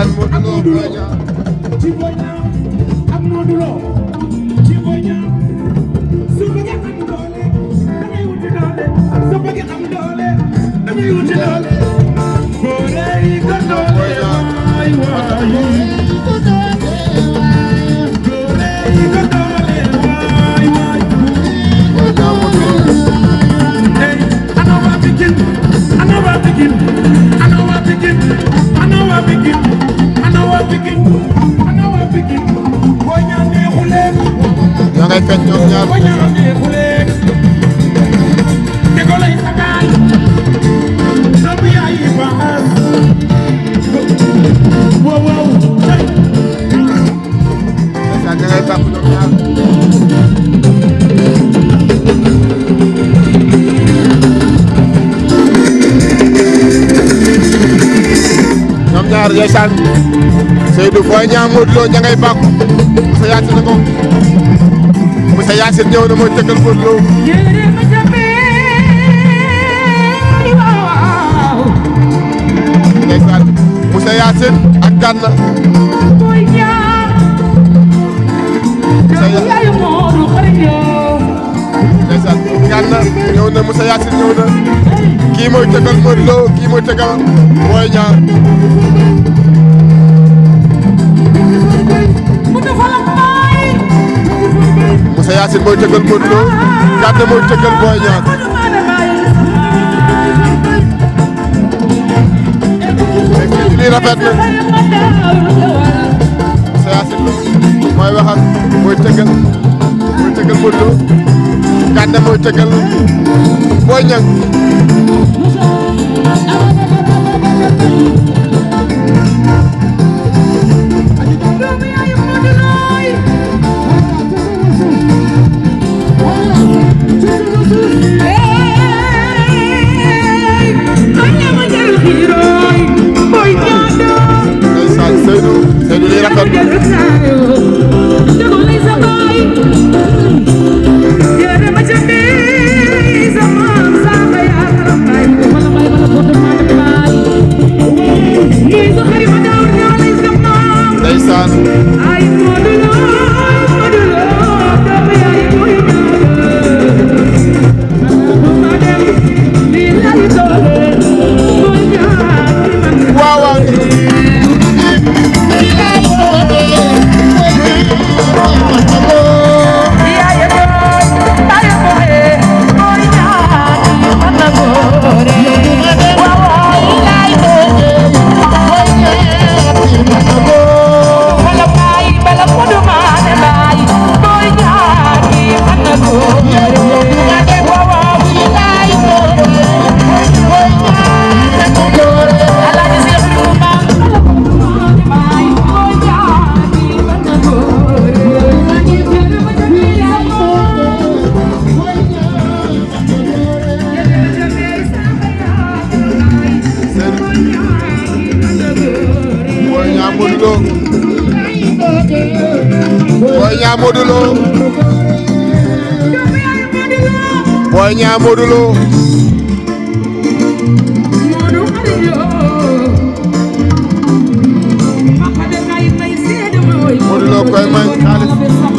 ak Modou Lo ci Boy Niang ak Modou Lo ci Boy Niang su bëggee am doole dangay wuti doole su bëggee am doole dangay wuti doole góoree yi ko doole waay waay I know I begin. I know I begin. Ndeysaan Seydou Boy Niang Modou Lo ña ngay bàkku sa yaat na ko Assane ñëw na mooy tëggal Modou Lo ndeysaan Moussa Yacine ak Gana ndeysaan Gana ñëw na Moussa Yacine ñëw na kii mooy tëggal Modou Lo kii mooy tëggal Boy Niang Yacine mooy tëggal Modou Lo Katé mooy tëggal Boy Niang fekk rafet na sa Yacine mooy wax mooy tëggal mooy tëggal mooy tëggal Boy Niang Lo Boy Niang Modou Lo Boy Niang Modou Lo Modou Lo koy may xaalis